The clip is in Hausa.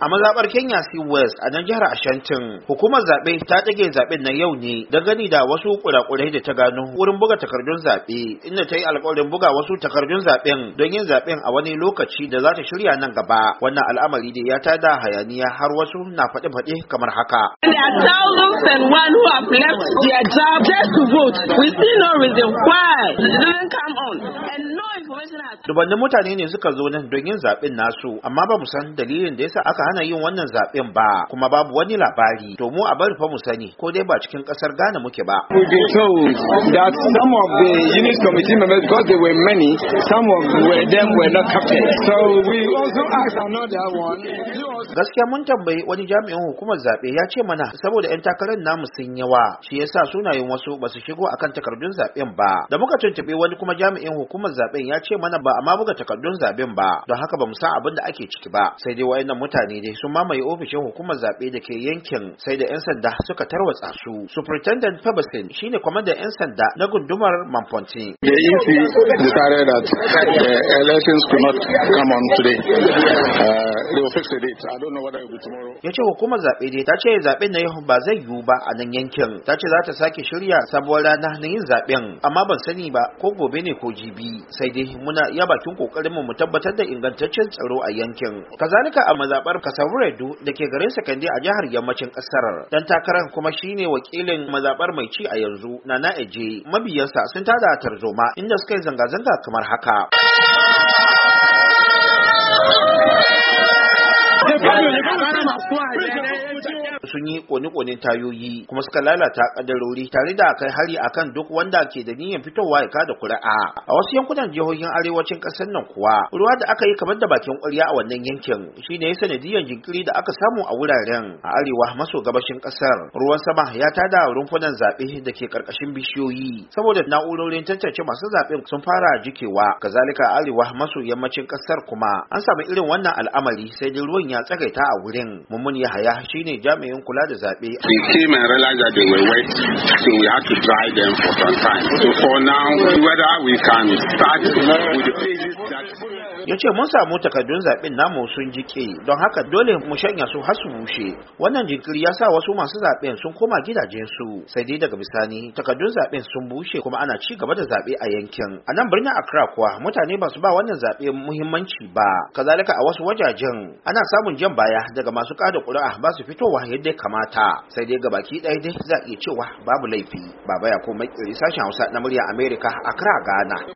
a mazabar kenya sea west a nan jihar ashantin hukumar zaɓe ta ɗage zaɓen na yau ne don gani da wasu kurakurai da ta gano wurin buga takardun zaɓe inda ta yi alkawarin buga wasu takardun zaɓen don yin zaɓen a wani lokaci da za ta shirya nan gaba wannan al'amari da ya tada hayaniya har wasu na faɗe-faɗe kamar haka. There are thousands and dubannin mutane ne suka zo nan don yin zaɓen nasu amma ba mu san dalilin da yasa aka hana yin wannan zaɓen ba kuma babu wani labari to mu a bari fa mu sani ko dai ba cikin kasar Ghana muke ba we gaskiya mun tambayi wani jami'in hukumar zaɓe ya ce mana saboda yan takarar namu sun yawa shi yasa sunayen wasu ba su shigo akan takardun zaɓen ba da muka tuntuɓe wani kuma jami'in hukumar zaɓen ya ce ce mana ba a buga takardun zaben ba don haka ba mu san abin da ake ciki ba sai dai wayannan mutane dai sun mamaye ofishin hukumar zabe da ke yankin sai da yan sanda suka tarwatsa su superintendent Fabasin shine kwamandan yan sanda na gundumar Mamponti the EC decided that eh, uh, the yace hukumar zabe dai ta ce zaben na ba zai yiwu ba a nan yankin ta ce za ta sake shirya sabuwar rana na yin zaben amma ban sani ba ko gobe ne ko jibi sai dai muna iya bakin kokarin mu tabbatar da ingantaccen tsaro a yankin kazalika a mazabar kasavuredu da ke garin sakande a jihar yammacin kasar dan takarar kuma shine wakilin mazabar mai ci a yanzu nana eje mabiyansa sun tada tarzoma inda suka yi zanga-zanga kamar haka sun yi kone-konen tayoyi kuma suka lalata kadarori tare da kai hari akan duk wanda ke da niyyar fitowa ya da kuri'a a wasu yankunan jihohin arewacin kasar nan kuwa ruwa da aka yi kamar da bakin ƙwarya a wannan yankin shine ya sanadiyar jinkiri da aka samu a wuraren a arewa maso gabashin kasar ruwan sama ya tada rumfunan zaɓe da ke karkashin bishiyoyi saboda na'urorin tantance masu zaɓen sun fara jikewa kazalika arewa maso yammacin kasar kuma an samu irin wannan al'amari sai dai ruwan ya tsagaita a wurin mummun yahaya shine jami'in kula da zaɓe. We came and realized that they were wet, so we had to dry them for some time. So for now, whether we can start with the ya ce mun samu takardun zaɓen namu sun jike don haka dole mu shanya su har su bushe wannan jinkiri ya sa wasu masu zaɓen sun koma gidajensu sai dai daga bisani takardun zaɓen sun bushe kuma ana ci gaba da zaɓe a yankin a nan birnin accra kuwa mutane ba su ba wannan zaɓe muhimmanci ba kazalika a wasu wajajen ana samun jan baya daga masu ƙada ƙuri'a ba su fitowa yadda dai kamata sai dai gabaki ɗaya dai za a iya cewa babu laifi baba ya komai sashen hausa na murya amerika accra ghana